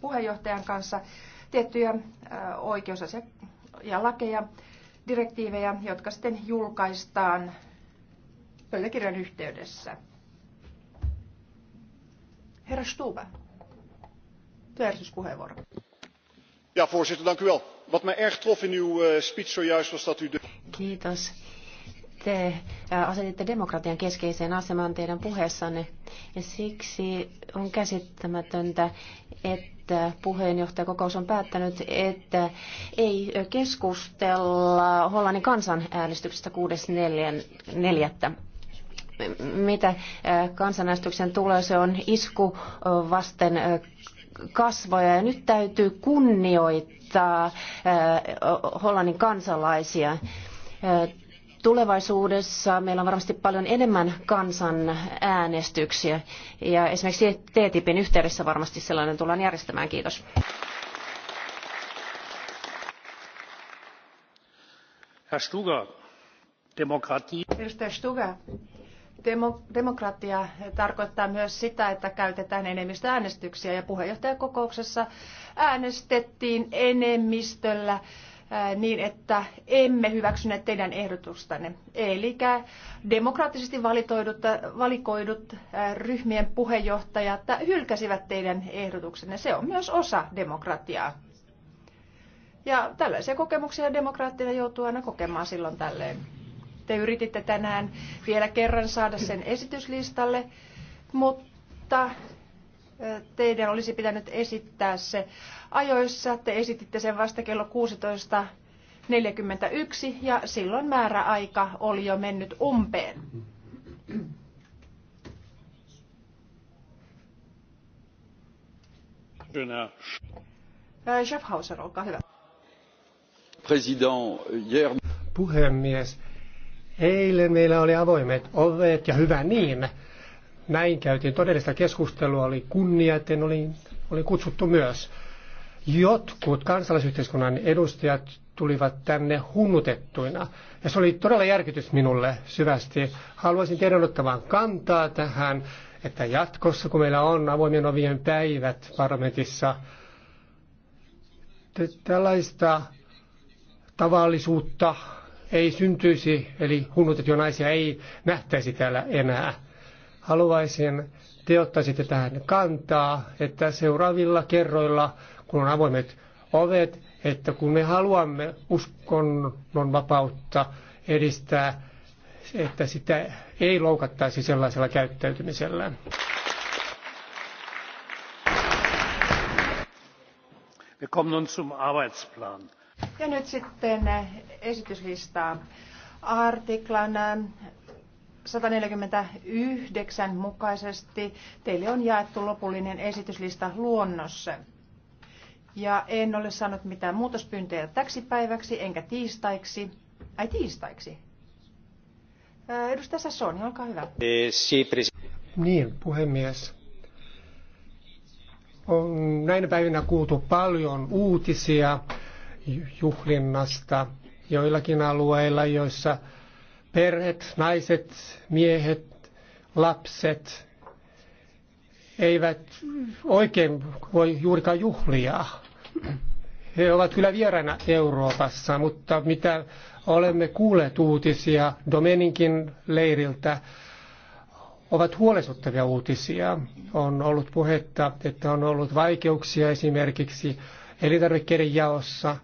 puheenjohtajan kanssa tiettyjä oikeusasia- ja lakeja, direktiivejä, jotka sitten julkaistaan pöytäkirjan yhteydessä. Herra Stuba, työjärjestyspuheenvuoro. Ja, voorzitter, dank u wel. Wat mij erg trof in uw eh, speech zojuist was dat u de... Kiitos te asetitte demokratian keskeiseen asemaan teidän puheessanne. Ja siksi on käsittämätöntä, että puheenjohtajakokous on päättänyt, että ei keskustella Hollannin kansanäänestyksestä 6.4. Mitä kansanäänestyksen tulee, se on isku vasten kasvoja ja nyt täytyy kunnioittaa Hollannin kansalaisia Tulevaisuudessa meillä on varmasti paljon enemmän kansan äänestyksiä ja esimerkiksi TTIPin yhteydessä varmasti sellainen tullaan järjestämään. Kiitos. Herr Stuger, demokratia. Edustaja Stuger, demokratia tarkoittaa myös sitä, että käytetään enemmistöäänestyksiä ja puheenjohtajakokouksessa äänestettiin enemmistöllä niin, että emme hyväksyneet teidän ehdotustanne. Eli demokraattisesti valikoidut ryhmien puheenjohtajat hylkäsivät teidän ehdotuksenne. Se on myös osa demokratiaa. Ja tällaisia kokemuksia demokraattina joutuu aina kokemaan silloin tälleen. Te yrititte tänään vielä kerran saada sen esityslistalle, mutta teidän olisi pitänyt esittää se ajoissa. Te esititte sen vasta kello 16.41 ja silloin määräaika oli jo mennyt umpeen. Schaffhauser, olkaa hyvä. Puhemies, eilen meillä oli avoimet ovet ja hyvä niin näin käytiin todellista keskustelua, oli kunnia, että oli, oli kutsuttu myös. Jotkut kansalaisyhteiskunnan edustajat tulivat tänne hunnutettuina. Ja se oli todella järkytys minulle syvästi. Haluaisin teidän ottamaan kantaa tähän, että jatkossa, kun meillä on avoimien ovien päivät parlamentissa, tällaista tavallisuutta ei syntyisi, eli hunnutettuja naisia ei nähtäisi täällä enää. Haluaisin te ottaisitte tähän kantaa, että seuraavilla kerroilla, kun on avoimet ovet, että kun me haluamme uskonnon vapautta edistää, että sitä ei loukattaisi sellaisella käyttäytymisellä. Ja nyt sitten esityslistaa. Artiklan 149 mukaisesti teille on jaettu lopullinen esityslista luonnossa. Ja en ole saanut mitään muutospyyntöjä täksi päiväksi, enkä tiistaiksi. Ai tiistaiksi? Edustaja Sassoni, olkaa hyvä. Niin, puhemies. On näinä päivinä kuultu paljon uutisia juhlinnasta joillakin alueilla, joissa Perheet, naiset, miehet, lapset eivät oikein voi juurikaan juhlia. He ovat kyllä vieraina Euroopassa, mutta mitä olemme kuulleet uutisia Domeninkin leiriltä, ovat huolestuttavia uutisia. On ollut puhetta, että on ollut vaikeuksia esimerkiksi elintarvikkeiden jaossa –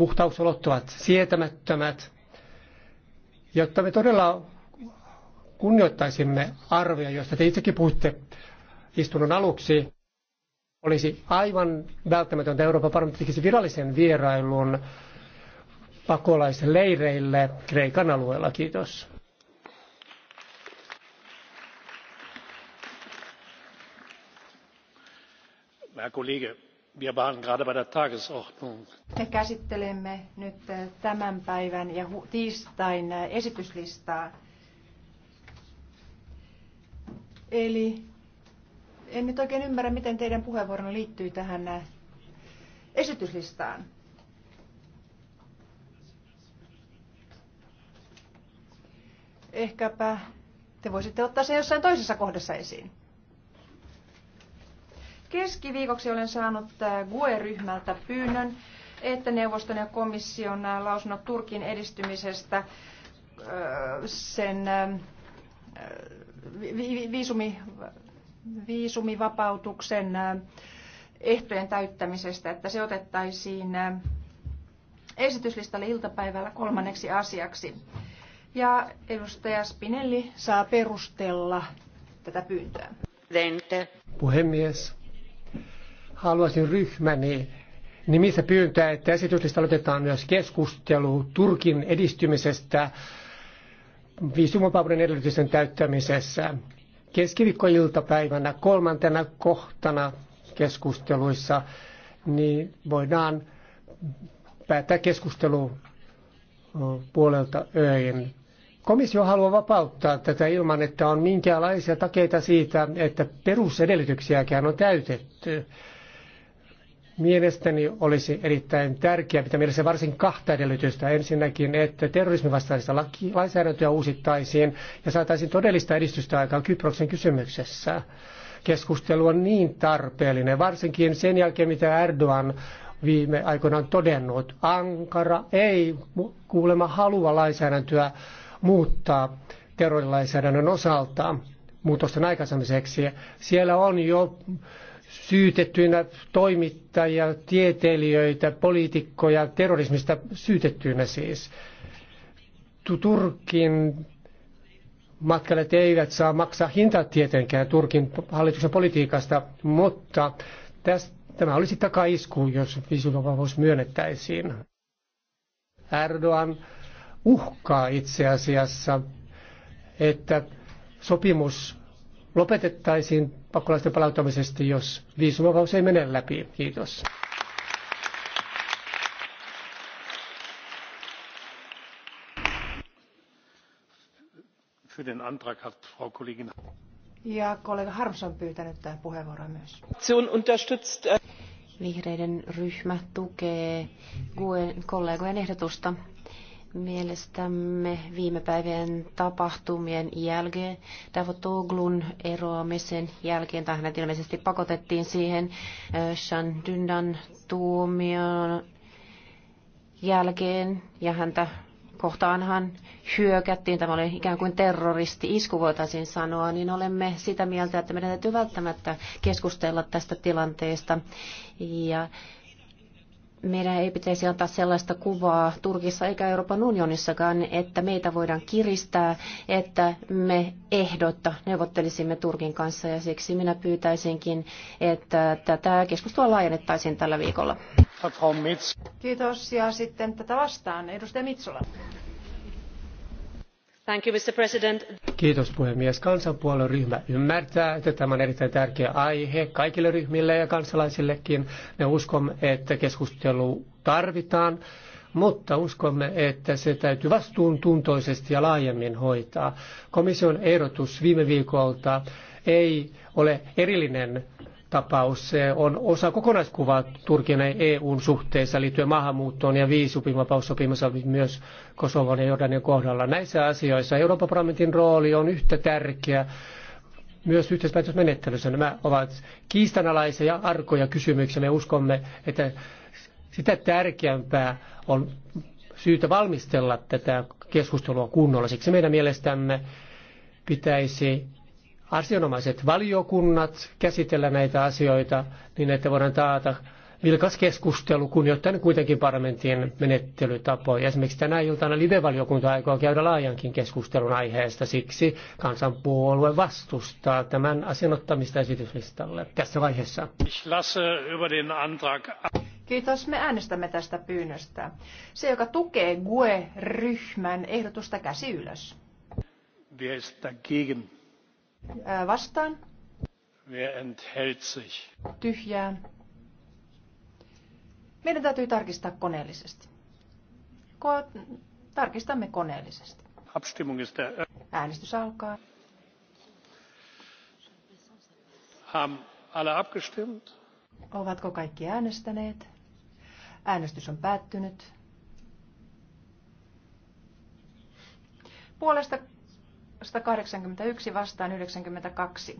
puhtausolot ovat sietämättömät. Jotta me todella kunnioittaisimme arvoja, joista te itsekin puhutte istunnon aluksi, olisi aivan välttämätöntä Euroopan parlamentti tekisi virallisen vierailun pakolaisleireille Kreikan alueella. Kiitos. Herr Kollege, me käsittelemme nyt tämän päivän ja tiistain esityslistaa. Eli en nyt oikein ymmärrä, miten teidän puheenvuoronne liittyy tähän esityslistaan. Ehkäpä te voisitte ottaa sen jossain toisessa kohdassa esiin. Keskiviikoksi olen saanut äh, GUE-ryhmältä pyynnön, että neuvoston ja komission äh, lausunnot Turkin edistymisestä äh, sen viisumi, viisumivapautuksen ehtojen täyttämisestä, että se otettaisiin esityslistalle iltapäivällä kolmanneksi asiaksi. Ja edustaja Spinelli saa perustella tätä pyyntöä. Puhemies, haluaisin ryhmäni nimissä pyyntää, että esityslistalla aloitetaan myös keskustelu Turkin edistymisestä viisumivapauden edellytysten täyttämisessä. Keskiviikkoiltapäivänä kolmantena kohtana keskusteluissa niin voidaan päättää keskustelu puolelta öin. Komissio haluaa vapauttaa tätä ilman, että on minkäänlaisia takeita siitä, että perusedellytyksiäkään on täytetty mielestäni olisi erittäin tärkeää pitää mielessä varsin kahta edellytystä. Ensinnäkin, että terrorismin vastaista lainsäädäntöä uusittaisiin ja saataisiin todellista edistystä aikaan Kyproksen kysymyksessä. Keskustelu on niin tarpeellinen, varsinkin sen jälkeen, mitä Erdogan viime aikoina on todennut. Ankara ei kuulemma halua lainsäädäntöä muuttaa terrorilainsäädännön osalta muutosten aikaisemiseksi. Siellä on jo syytettyinä toimittajia, tieteilijöitä, poliitikkoja, terrorismista syytettyinä siis. Turkin matkalle eivät saa maksaa hintaa tietenkään Turkin hallituksen politiikasta, mutta tästä, tämä olisi takaisku, jos viisumivapaus myönnettäisiin. Erdogan uhkaa itse asiassa, että sopimus lopetettaisiin pakolaisten palauttamisesta, jos viisumavaus ei mene läpi. Kiitos. Ja kollega Harms on pyytänyt tämän puheenvuoron myös. Äh, Vihreiden ryhmä tukee kollegojen ehdotusta Mielestämme viime päivien tapahtumien jälkeen, Davotoglun eroamisen jälkeen, tai hänet ilmeisesti pakotettiin siihen Shan Dündan tuomion jälkeen, ja häntä kohtaanhan hyökättiin, tämä oli ikään kuin terroristi-isku voitaisiin sanoa, niin olemme sitä mieltä, että meidän täytyy välttämättä keskustella tästä tilanteesta. Ja meidän ei pitäisi antaa sellaista kuvaa Turkissa eikä Euroopan unionissakaan, että meitä voidaan kiristää, että me ehdotta neuvottelisimme Turkin kanssa ja siksi minä pyytäisinkin, että tätä keskustelua laajennettaisiin tällä viikolla. Kiitos ja sitten tätä vastaan. Edustaja Mitsola. Kiitos puhemies. Kansanpuolueen ryhmä ymmärtää, että tämä on erittäin tärkeä aihe kaikille ryhmille ja kansalaisillekin. Me uskomme, että keskustelu tarvitaan, mutta uskomme, että se täytyy vastuuntuntoisesti ja laajemmin hoitaa. Komission ehdotus viime viikolta ei ole erillinen tapaus. Se on osa kokonaiskuvaa Turkin ja EUn suhteessa liittyen maahanmuuttoon ja viisupimapaussopimus myös Kosovon ja Jordanian kohdalla. Näissä asioissa Euroopan parlamentin rooli on yhtä tärkeä myös yhteispäätösmenettelyssä. Nämä ovat kiistanalaisia ja arkoja kysymyksiä. Me uskomme, että sitä tärkeämpää on syytä valmistella tätä keskustelua kunnolla. Siksi meidän mielestämme pitäisi asianomaiset valiokunnat käsitellä näitä asioita niin, että voidaan taata vilkas keskustelu kunnioittaen kuitenkin parlamentin menettelytapoja. Esimerkiksi tänä iltana live-valiokunta aikoo käydä laajankin keskustelun aiheesta, siksi kansanpuolue vastustaa tämän asian ottamista esityslistalle tässä vaiheessa. Kiitos, me äänestämme tästä pyynnöstä. Se, joka tukee GUE-ryhmän ehdotusta käsi ylös. Wer ist dagegen? vastaan. Wer enthält sich? Tyhjää. Meidän täytyy tarkistaa koneellisesti. Ko- tarkistamme koneellisesti. Abstimmung ist der... Äänestys alkaa. Haben alle abgestimmt? Ovatko kaikki äänestäneet? Äänestys on päättynyt. Puolesta 181 vastaan 92.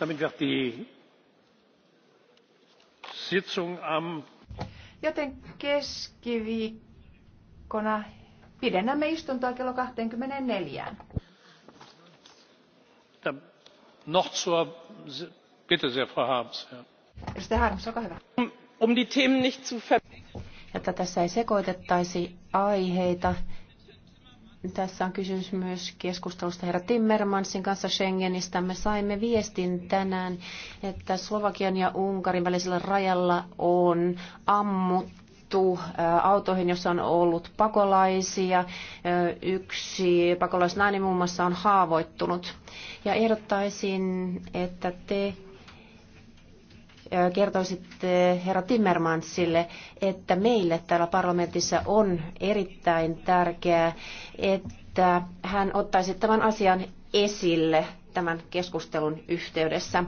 Damit wird die Sitzung am Joten keskiviikkona pidennämme istuntoa kello 24. Noch zur Bitte sehr, Frau Harms. Herr Harms, olkaa hyvä. Um die Themen nicht zu ver että tässä ei sekoitettaisi aiheita. Tässä on kysymys myös keskustelusta herra Timmermansin kanssa Schengenistä. Me saimme viestin tänään, että Slovakian ja Unkarin välisellä rajalla on ammuttu autoihin, jossa on ollut pakolaisia. Yksi pakolaisnainen muun muassa on haavoittunut. Ja ehdottaisin, että te kertoisitte herra Timmermansille, että meille täällä parlamentissa on erittäin tärkeää, että hän ottaisi tämän asian esille tämän keskustelun yhteydessä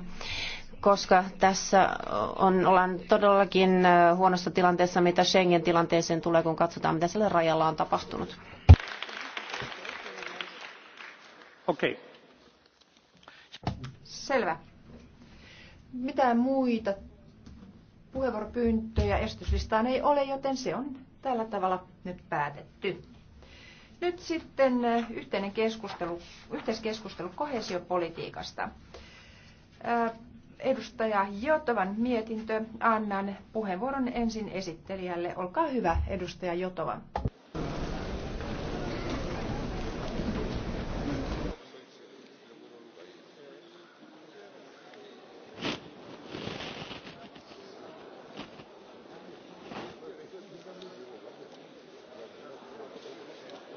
koska tässä on, ollaan todellakin huonossa tilanteessa, mitä Schengen-tilanteeseen tulee, kun katsotaan, mitä sillä rajalla on tapahtunut. Okei. Okay. Selvä mitään muita puheenvuoropyyntöjä estyslistaan ei ole, joten se on tällä tavalla nyt päätetty. Nyt sitten eh, yhteinen keskustelu, yhteiskeskustelu kohesiopolitiikasta. Eh, edustaja Jotovan mietintö. Annan puheenvuoron ensin esittelijälle. Olkaa hyvä, edustaja Jotova.